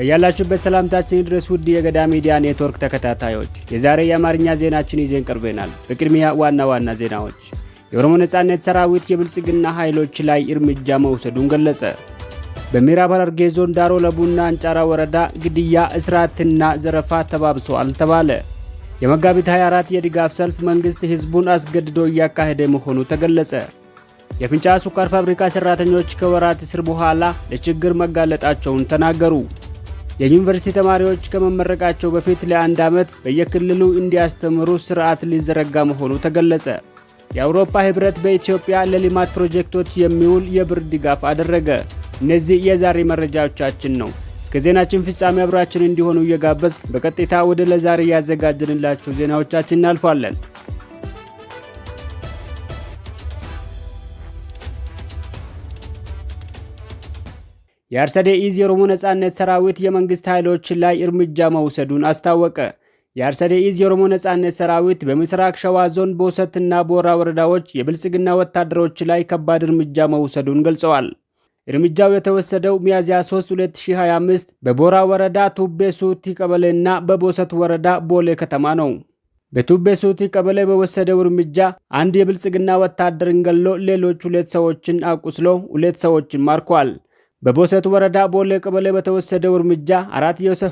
በያላችሁበት ሰላምታችን ድረስ ውድ የገዳ ሚዲያ ኔትወርክ ተከታታዮች የዛሬ የአማርኛ ዜናችን ይዘን ቀርበናል። በቅድሚያ ዋና ዋና ዜናዎች የኦሮሞ ነጻነት ሰራዊት የብልጽግና ኃይሎች ላይ እርምጃ መውሰዱን ገለጸ። በምዕራብ ሐረርጌ ዞን ዳሮ ለቡና አንጫራ ወረዳ ግድያ፣ እስራትና ዘረፋ ተባብሰዋል ተባለ። የመጋቢት 24 የድጋፍ ሰልፍ መንግስት ሕዝቡን አስገድዶ እያካሄደ መሆኑ ተገለጸ። የፍንጫ ስኳር ፋብሪካ ሰራተኞች ከወራት እስር በኋላ ለችግር መጋለጣቸውን ተናገሩ። የዩኒቨርሲቲ ተማሪዎች ከመመረቃቸው በፊት ለአንድ ዓመት በየክልሉ እንዲያስተምሩ ስርዓት ሊዘረጋ መሆኑ ተገለጸ። የአውሮፓ ህብረት በኢትዮጵያ ለልማት ፕሮጀክቶች የሚውል የብር ድጋፍ አደረገ። እነዚህ የዛሬ መረጃዎቻችን ነው። እስከ ዜናችን ፍጻሜ አብራችን እንዲሆኑ እየጋበዝ በቀጥታ ወደ ለዛሬ ያዘጋጀንላችሁ ዜናዎቻችን እናልፋለን። ኢዝ የኦሮሞ ነጻነት ሰራዊት የመንግስት ኃይሎች ላይ እርምጃ መውሰዱን አስታወቀ። ኢዝ የኦሮሞ ነጻነት ሰራዊት በምስራቅ ሸዋ ዞን ቦሰትና ቦራ ወረዳዎች የብልጽግና ወታደሮች ላይ ከባድ እርምጃ መውሰዱን ገልጸዋል። እርምጃው የተወሰደው ሚያዝያ 3 2025 በቦራ ወረዳ ቱቤ ሱቲ ቀበሌና በቦሰት ወረዳ ቦሌ ከተማ ነው። በቱቤ ሱቲ ቀበሌ በወሰደው እርምጃ አንድ የብልጽግና ወታደርን ገሎ ሌሎች ሁለት ሰዎችን አቁስሎ ሁለት ሰዎችን ማርኳል። በቦሰት ወረዳ ቦሌ ቀበሌ በተወሰደው እርምጃ አራት የሰ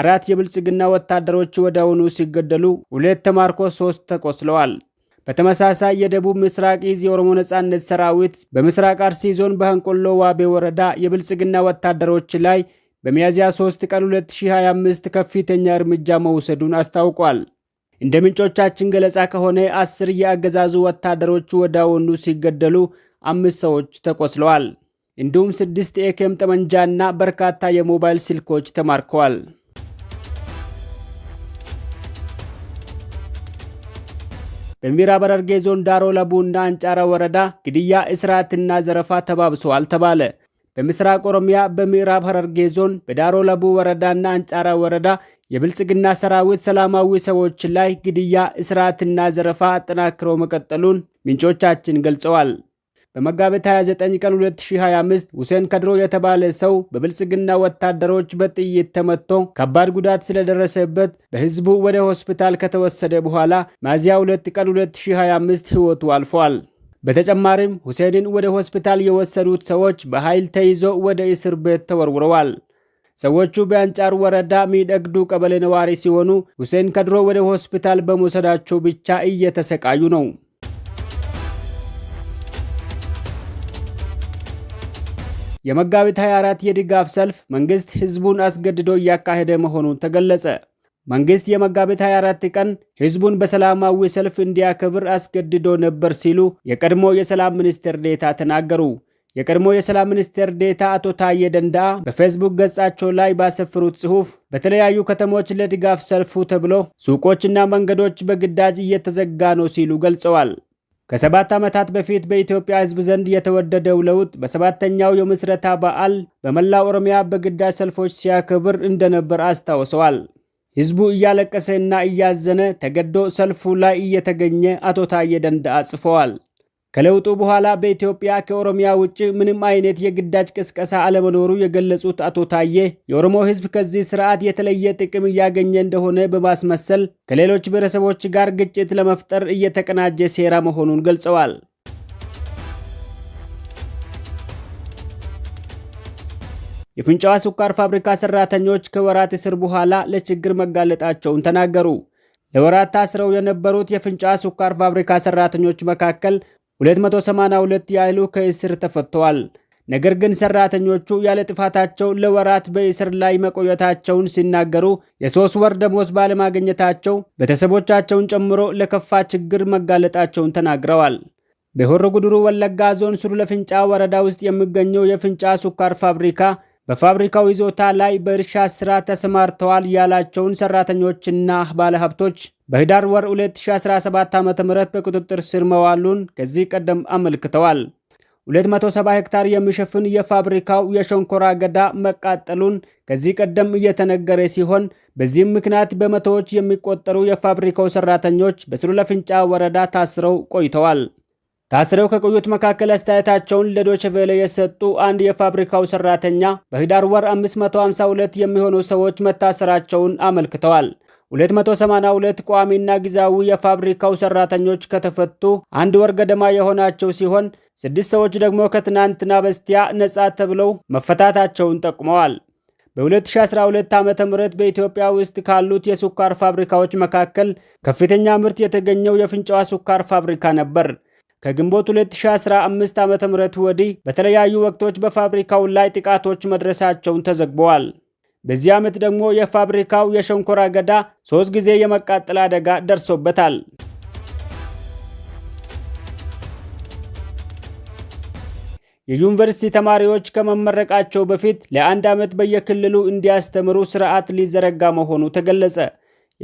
አራት የብልጽግና ወታደሮች ወዲያውኑ ሲገደሉ ሁለት ተማርኮ ሶስት ተቆስለዋል። በተመሳሳይ የደቡብ ምስራቅ እዝ የኦሮሞ ነጻነት ሰራዊት በምስራቅ አርሲ ዞን በህንቆሎ ዋቤ ወረዳ የብልጽግና ወታደሮች ላይ በሚያዝያ 3 ቀን 2025 ከፍተኛ እርምጃ መውሰዱን አስታውቋል። እንደ ምንጮቻችን ገለጻ ከሆነ አስር የአገዛዙ ወታደሮች ወዲያውኑ ሲገደሉ አምስት ሰዎች ተቆስለዋል። እንዲሁም ስድስት ጠመንጃ ጠመንጃና በርካታ የሞባይል ስልኮች ተማርከዋል። በምዕራብ ሐረርጌ ዞን ዳሮ ለቡና አንጫራ ወረዳ ግድያ፣ እስራትና ዘረፋ ተባብሰዋል ተባለ። በምስራቅ ኦሮሚያ በምዕራብ ሐረርጌ ዞን በዳሮ ለቡ ወረዳና አንጫራ ወረዳ የብልጽግና ሰራዊት ሰላማዊ ሰዎች ላይ ግድያ፣ እስራትና ዘረፋ አጠናክረው መቀጠሉን ምንጮቻችን ገልጸዋል። በመጋቢት 29 ቀን 2025 ሁሴን ከድሮ የተባለ ሰው በብልጽግና ወታደሮች በጥይት ተመቶ ከባድ ጉዳት ስለደረሰበት በህዝቡ ወደ ሆስፒታል ከተወሰደ በኋላ ሚያዝያ 2 ቀን 2025 ህይወቱ አልፏል። በተጨማሪም ሁሴንን ወደ ሆስፒታል የወሰዱት ሰዎች በኃይል ተይዞ ወደ እስር ቤት ተወርውረዋል። ሰዎቹ በአንጫር ወረዳ ሚደግዱ ቀበሌ ነዋሪ ሲሆኑ ሁሴን ከድሮ ወደ ሆስፒታል በመውሰዳቸው ብቻ እየተሰቃዩ ነው። የመጋቢት 24 የድጋፍ ሰልፍ መንግስት ህዝቡን አስገድዶ እያካሄደ መሆኑን ተገለጸ። መንግስት የመጋቢት 24 ቀን ህዝቡን በሰላማዊ ሰልፍ እንዲያከብር አስገድዶ ነበር ሲሉ የቀድሞ የሰላም ሚኒስቴር ዴታ ተናገሩ። የቀድሞ የሰላም ሚኒስቴር ዴታ አቶ ታዬ ደንዳ በፌስቡክ ገጻቸው ላይ ባሰፈሩት ጽሑፍ በተለያዩ ከተሞች ለድጋፍ ሰልፉ ተብሎ ሱቆችና መንገዶች በግዳጅ እየተዘጋ ነው ሲሉ ገልጸዋል። ከሰባት ዓመታት በፊት በኢትዮጵያ ሕዝብ ዘንድ የተወደደው ለውጥ በሰባተኛው የምስረታ በዓል በመላ ኦሮሚያ በግዳጅ ሰልፎች ሲያከብር እንደነበር አስታውሰዋል። ሕዝቡ እያለቀሰና እያዘነ ተገዶ ሰልፉ ላይ እየተገኘ አቶ ታዬ ደንደአ ጽፈዋል። ከለውጡ በኋላ በኢትዮጵያ ከኦሮሚያ ውጭ ምንም አይነት የግዳጅ ቅስቀሳ አለመኖሩ የገለጹት አቶ ታዬ የኦሮሞ ሕዝብ ከዚህ ስርዓት የተለየ ጥቅም እያገኘ እንደሆነ በማስመሰል ከሌሎች ብሔረሰቦች ጋር ግጭት ለመፍጠር እየተቀናጀ ሴራ መሆኑን ገልጸዋል። የፍንጫዋ ስኳር ፋብሪካ ሰራተኞች ከወራት እስር በኋላ ለችግር መጋለጣቸውን ተናገሩ። ለወራት ታስረው የነበሩት የፍንጫዋ ስኳር ፋብሪካ ሰራተኞች መካከል 282 ያህሉ ከእስር ተፈተዋል። ነገር ግን ሰራተኞቹ ያለ ጥፋታቸው ለወራት በእስር ላይ መቆየታቸውን ሲናገሩ የሶስት ወር ደሞዝ ባለማግኘታቸው ቤተሰቦቻቸውን ጨምሮ ለከፋ ችግር መጋለጣቸውን ተናግረዋል። በሆሮ ጉድሩ ወለጋ ዞን ስሩ ለፍንጫ ወረዳ ውስጥ የሚገኘው የፍንጫ ስኳር ፋብሪካ በፋብሪካው ይዞታ ላይ በእርሻ ስራ ተሰማርተዋል ያላቸውን ሰራተኞችና ባለሀብቶች በህዳር ወር 2017 ዓ.ም በቁጥጥር ስር መዋሉን ከዚህ ቀደም አመልክተዋል። 270 ሄክታር የሚሸፍን የፋብሪካው የሸንኮራ አገዳ መቃጠሉን ከዚህ ቀደም እየተነገረ ሲሆን በዚህም ምክንያት በመቶዎች የሚቆጠሩ የፋብሪካው ሰራተኞች በስሩ ለፍንጫ ወረዳ ታስረው ቆይተዋል። ታስረው ከቆዩት መካከል አስተያየታቸውን ለዶይቼ የሰጡ አንድ የፋብሪካው ሰራተኛ በህዳር ወር 552 የሚሆኑ ሰዎች መታሰራቸውን አመልክተዋል። 282 ቋሚና ጊዜያዊ የፋብሪካው ሰራተኞች ከተፈቱ አንድ ወር ገደማ የሆናቸው ሲሆን ስድስት ሰዎች ደግሞ ከትናንትና በስቲያ ነጻ ተብለው መፈታታቸውን ጠቁመዋል። በ2012 ዓ ም በኢትዮጵያ ውስጥ ካሉት የስኳር ፋብሪካዎች መካከል ከፍተኛ ምርት የተገኘው የፍንጫዋ ስኳር ፋብሪካ ነበር። ከግንቦት 2015 ዓ ም ወዲህ በተለያዩ ወቅቶች በፋብሪካው ላይ ጥቃቶች መድረሳቸውን ተዘግበዋል። በዚህ ዓመት ደግሞ የፋብሪካው የሸንኮራ አገዳ ሶስት ጊዜ የመቃጠል አደጋ ደርሶበታል። የዩኒቨርሲቲ ተማሪዎች ከመመረቃቸው በፊት ለአንድ ዓመት በየክልሉ እንዲያስተምሩ ስርዓት ሊዘረጋ መሆኑ ተገለጸ።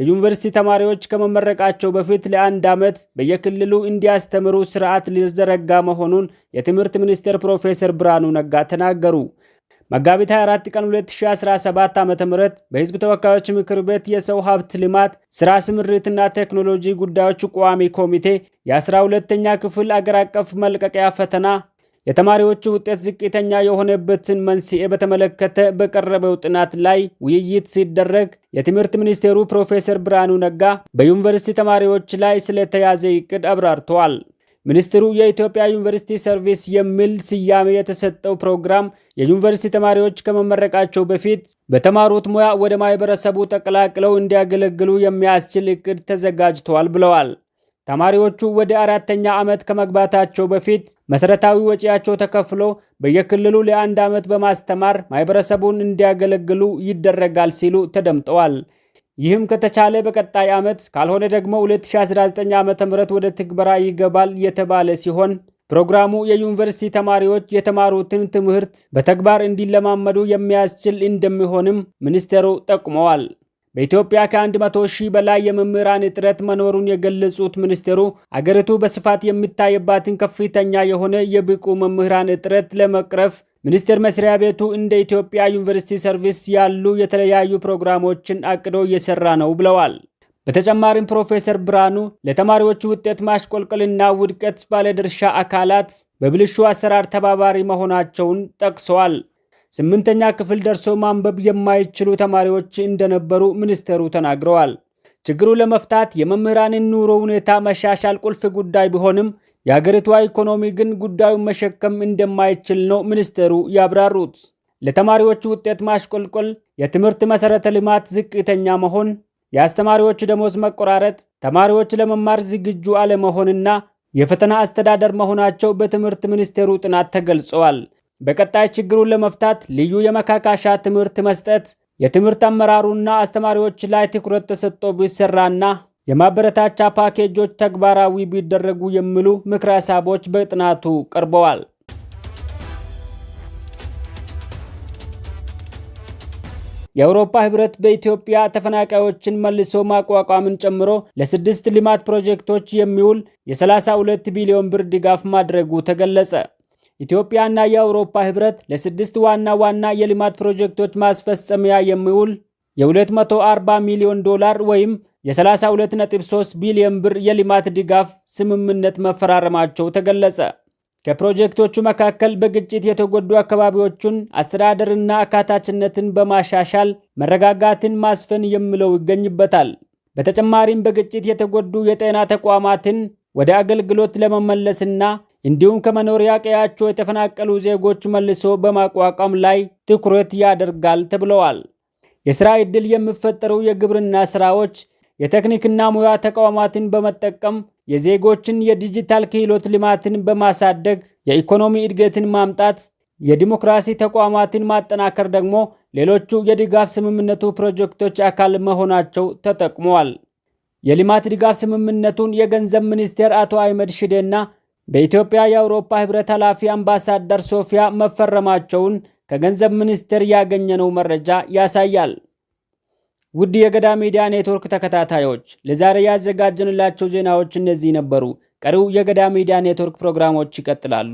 የዩኒቨርሲቲ ተማሪዎች ከመመረቃቸው በፊት ለአንድ ዓመት በየክልሉ እንዲያስተምሩ ስርዓት ሊዘረጋ መሆኑን የትምህርት ሚኒስቴር ፕሮፌሰር ብርሃኑ ነጋ ተናገሩ። መጋቢት 24 ቀን 2017 ዓ.ም በህዝብ ተወካዮች ምክር ቤት የሰው ሀብት ልማት ስራ ስምሪትና ቴክኖሎጂ ጉዳዮች ቋሚ ኮሚቴ የ12ኛ ክፍል አገር አቀፍ መልቀቂያ ፈተና የተማሪዎቹ ውጤት ዝቅተኛ የሆነበትን መንስኤ በተመለከተ በቀረበው ጥናት ላይ ውይይት ሲደረግ የትምህርት ሚኒስቴሩ ፕሮፌሰር ብርሃኑ ነጋ በዩኒቨርሲቲ ተማሪዎች ላይ ስለተያዘ እቅድ አብራርተዋል። ሚኒስትሩ የኢትዮጵያ ዩኒቨርሲቲ ሰርቪስ የሚል ስያሜ የተሰጠው ፕሮግራም የዩኒቨርሲቲ ተማሪዎች ከመመረቃቸው በፊት በተማሩት ሙያ ወደ ማህበረሰቡ ተቀላቅለው እንዲያገለግሉ የሚያስችል እቅድ ተዘጋጅተዋል ብለዋል። ተማሪዎቹ ወደ አራተኛ ዓመት ከመግባታቸው በፊት መሰረታዊ ወጪያቸው ተከፍሎ በየክልሉ ለአንድ ዓመት በማስተማር ማህበረሰቡን እንዲያገለግሉ ይደረጋል ሲሉ ተደምጠዋል። ይህም ከተቻለ በቀጣይ ዓመት ካልሆነ ደግሞ 2019 ዓ ም ወደ ትግበራ ይገባል የተባለ ሲሆን ፕሮግራሙ የዩኒቨርሲቲ ተማሪዎች የተማሩትን ትምህርት በተግባር እንዲለማመዱ የሚያስችል እንደሚሆንም ሚኒስቴሩ ጠቁመዋል። በኢትዮጵያ ከ100 ሺህ በላይ የመምህራን እጥረት መኖሩን የገለጹት ሚኒስቴሩ አገሪቱ በስፋት የሚታይባትን ከፍተኛ የሆነ የብቁ መምህራን እጥረት ለመቅረፍ ሚኒስቴር መስሪያ ቤቱ እንደ ኢትዮጵያ ዩኒቨርሲቲ ሰርቪስ ያሉ የተለያዩ ፕሮግራሞችን አቅዶ እየሰራ ነው ብለዋል። በተጨማሪም ፕሮፌሰር ብርሃኑ ለተማሪዎቹ ውጤት ማሽቆልቆልና ውድቀት ባለድርሻ አካላት በብልሹ አሰራር ተባባሪ መሆናቸውን ጠቅሰዋል። ስምንተኛ ክፍል ደርሶ ማንበብ የማይችሉ ተማሪዎች እንደነበሩ ሚኒስቴሩ ተናግረዋል። ችግሩ ለመፍታት የመምህራንን ኑሮ ሁኔታ መሻሻል ቁልፍ ጉዳይ ቢሆንም የሀገሪቷ ኢኮኖሚ ግን ጉዳዩን መሸከም እንደማይችል ነው ሚኒስቴሩ ያብራሩት። ለተማሪዎች ውጤት ማሽቆልቆል፣ የትምህርት መሰረተ ልማት ዝቅተኛ መሆን፣ የአስተማሪዎች ደሞዝ መቆራረጥ፣ ተማሪዎች ለመማር ዝግጁ አለመሆንና የፈተና አስተዳደር መሆናቸው በትምህርት ሚኒስቴሩ ጥናት ተገልጸዋል። በቀጣይ ችግሩን ለመፍታት ልዩ የመካካሻ ትምህርት መስጠት፣ የትምህርት አመራሩና አስተማሪዎች ላይ ትኩረት ተሰጥቶ ቢሰራና የማበረታቻ ፓኬጆች ተግባራዊ ቢደረጉ የሚሉ ምክረ ሀሳቦች በጥናቱ ቀርበዋል። የአውሮፓ ህብረት በኢትዮጵያ ተፈናቃዮችን መልሶ ማቋቋምን ጨምሮ ለስድስት ልማት ፕሮጀክቶች የሚውል የ32 ቢሊዮን ብር ድጋፍ ማድረጉ ተገለጸ። ኢትዮጵያና የአውሮፓ ህብረት ለስድስት ዋና ዋና የልማት ፕሮጀክቶች ማስፈጸሚያ የሚውል የ240 ሚሊዮን ዶላር ወይም የ32.3 ቢሊዮን ብር የልማት ድጋፍ ስምምነት መፈራረማቸው ተገለጸ። ከፕሮጀክቶቹ መካከል በግጭት የተጎዱ አካባቢዎቹን አስተዳደርና አካታችነትን በማሻሻል መረጋጋትን ማስፈን የሚለው ይገኝበታል። በተጨማሪም በግጭት የተጎዱ የጤና ተቋማትን ወደ አገልግሎት ለመመለስና እንዲሁም ከመኖሪያ ቀያቸው የተፈናቀሉ ዜጎች መልሶ በማቋቋም ላይ ትኩረት ያደርጋል ተብለዋል። የሥራ ዕድል የሚፈጠሩ የግብርና ሥራዎች የቴክኒክና ሙያ ተቋማትን በመጠቀም የዜጎችን የዲጂታል ክህሎት ልማትን በማሳደግ የኢኮኖሚ እድገትን ማምጣት፣ የዲሞክራሲ ተቋማትን ማጠናከር ደግሞ ሌሎቹ የድጋፍ ስምምነቱ ፕሮጀክቶች አካል መሆናቸው ተጠቅመዋል። የልማት ድጋፍ ስምምነቱን የገንዘብ ሚኒስቴር አቶ አህመድ ሽዴና በኢትዮጵያ የአውሮፓ ህብረት ኃላፊ አምባሳደር ሶፊያ መፈረማቸውን ከገንዘብ ሚኒስቴር ያገኘነው መረጃ ያሳያል። ውድ የገዳ ሚዲያ ኔትወርክ ተከታታዮች ለዛሬ ያዘጋጀንላቸው ዜናዎች እነዚህ ነበሩ። ቀሪው የገዳ ሚዲያ ኔትወርክ ፕሮግራሞች ይቀጥላሉ።